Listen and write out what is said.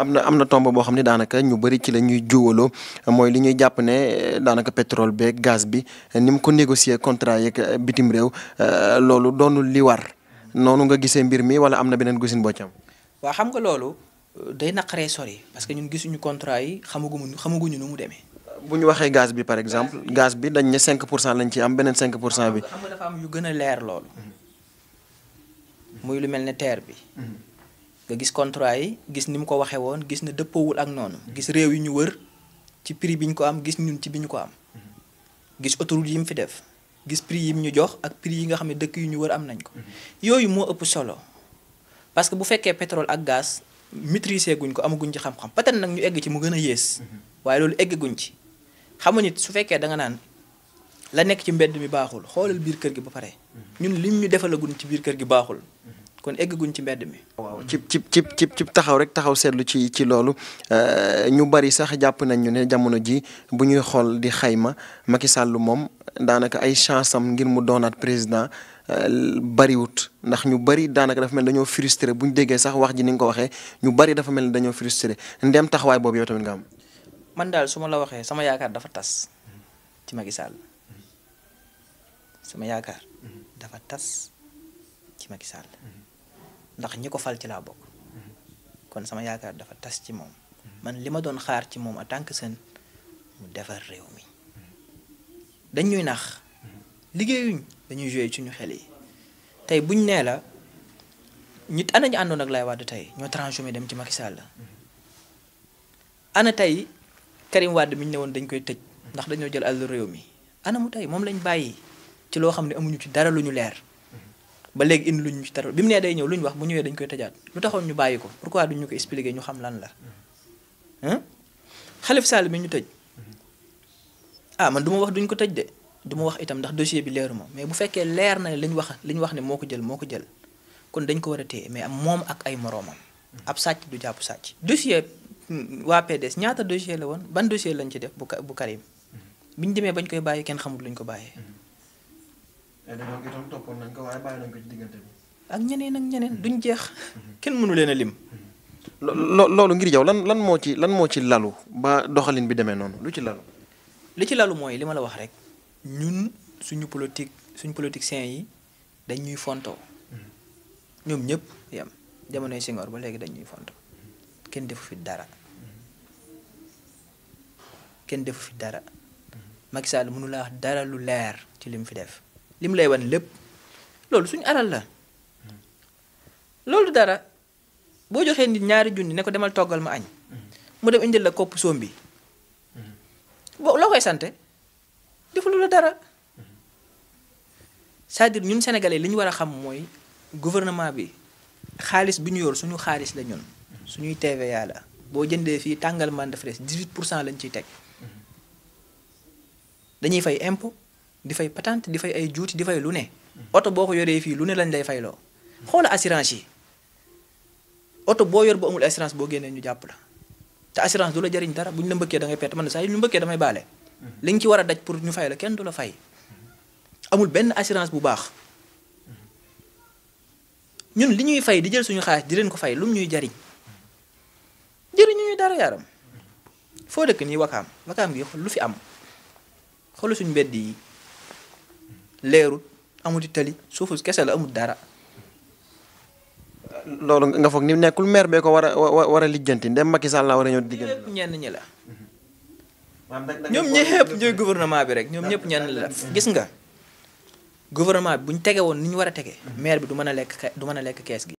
am na am na tomb boo xam ne daanaka ñu bëri ci la ñuy juwaloo mooy li ñuy jàpp ne eh, daanaka pétrole beeg gaz bi eh, ni mu ko négocier contrat yeeg eh, bitim réew loolu doonul li war noonu nga gisee mbir mi wala am na beneen gusin boo waa xam nga loolu euh, day naqaree sori parce que ñun gisuñu contrat yi xamaguñu xamaguñu nu mu demee. bu ñu waxee gaz bi par exemple gaz bi dañ ne pour cent lañ ci am beneen 5 pour cent bi. xam yu gën a leer loolu. muy lu mel ni terre bi. Mm-hmm. nga gis contrat yi gis nim ko waxe won gis ne dëppoowul ak non, gis rew yi ñu wër ci prix biñ ko am gis ñun ci biñ ko am gis autorul yi mu fi def gis prix yi ñu jox ak prix yi nga xamne dekk yi ñu wër am nañ ko yoyu mo ëpp solo parce que bu fekke pétrole ak gaz maîtriser guñ ko amaguñ ci xam-xam patan nak ñu egg ci mu gëna yes waye lolu egg guñ ci xamu nit su fekke da nga naan la nek ci mbedd mi baxul xolal biir kër gi ba pare ñun lim ñu defalagun ci biir kër gi baxul kon eggaguñ ci mbedd mi. waaw cib cib cib cib cib taxaw rek taxaw seetlu ci ci loolu eh, ñu bari sax jàpp nañ ñu ne jamono ji bu ñuy xool di xayma Macky Sall moom daanaka ay chance am ngir mu doonaat président eh, bariwut ndax ñu bari daanaka dafa mel dañoo frustré bu ñu sax wax ji ni nga ko waxee ñu bari dafa mel dañoo frustré ndem taxawaay boobu yow tamit nga am. man la sama yaakaar dafa tas ci Macky Sall sama yaakaar dafa tas ci Macky Sall ndax ñi ko fal ci laa bokk mm-hmm. kon sama yaakaar dafa tas ci moom man li ma doon xaar ci moom en tant que seen mu defar réew mi mm-hmm. dañ ñuy nax mm-hmm. liggéeyuñ dañuy joué ci ñu xel yi tey buñ nee la nit ana ñu àndoon ak lay Wade tey ñoo transhumé dem ci Macky Sall ana tey Karim Wade mi ñu ne woon dañ koy tëj ndax dañoo jël àll réew mi ana mu tey moom lañ bàyyi ci loo xam ne amuñu ci dara lu ñu leer. ba léegi indi luñ ci taral bi mu nee day ñëw lu ñu wax bu ñëwee dañ koy tëjaat lu taxoon ñu bàyyi ko pourquoi duñ ñu ko expliquer ñu xam lan la Khalifa Sall mi ñu tëj ah man du ma wax duñ ko tëj de du ma wax itam ndax dossier bi leeruma mais bu fekkee leer na li ñu wax li ñu wax ne moo ko jël moo ko jël kon dañ ko war a téye mais moom ak ay moroomam ab sàcc du jàpp sàcc dossier hmm, waa PDS ñaata dossier la woon ban dossier lañ ci def bu bu Karim bi ñu demee bañ koy bàyyi kenn xamul luñ ko bàyyee donc itam toppoon nañ ko waaye bàyyi nañ ko ci diggante ak ñeneen ñeneen duñ jeex mhm. mënu lim mhm. lo loolu ngir yow lan lan moo ci lan moo ci lalu ba doxalin bi demee noonu lu ci lalu li ci lalu mooy lima ma la wax rek ñun suñu politique suñu politiciens yi dañ ñuy fontoo mhm. ñoom ñëpp yam jamonoy Senghor ba léegi dañ ñuy fonto ken defu fi dara kenn defu fi dara Macky Sall mënu la wax dara lu leer ci lim fi def li mu lay wan lépp loolu suñu alal la loolu dara boo joxee nit ñaari junni ne ko demal toggal ma añ mu dem indil la kopp soom bi bo loo koy sante defalu la dara cest dire ñun sénégalais li ñu war a xam mooy gouvernement bi xaalis bi ñu yor suñu xaalis la ñun suñuy TVA yàlla boo jëndee fii tàngal mande fraise 18 pour cent lañu ciy teg dañuy fay impôt di fay patente di fay ay juuti di fay lu ne auto lo, ko yoree fii lu ne lañ lay fayloo xol assurance yi oto yor bo amul assurance bo gene ñu japp la ta assurance dula jariñ dara buñ la mbëkkee da ngay pet man saa ñu mbëkkee damay balé liñ ci wara daj pour ñu fay la kenn dula fay amul ben assurance bu baax ñun li ñuy fay di jël suñu xaar di leen ko fay lum ñuy jariñ jëriñu ñuy dara yaram fo dekk ni wakam wakam gi lu fi am xolu suñu mbeddi leeru amul tali suufu kese la amul dara. loolu nga foog ni nekkul maire bee ko war a war a lijjanti ndem Macky Sall la war a ñëw ñenn ñi la. ñoom ñëpp ñooy bi rek ñoom ñëpp ñenn la mm-hmm. gis nga. gouvernement bi bu ñu tege woon ni ñu war a tege. maire bi du mën a lekk du mën a lekk kees gi.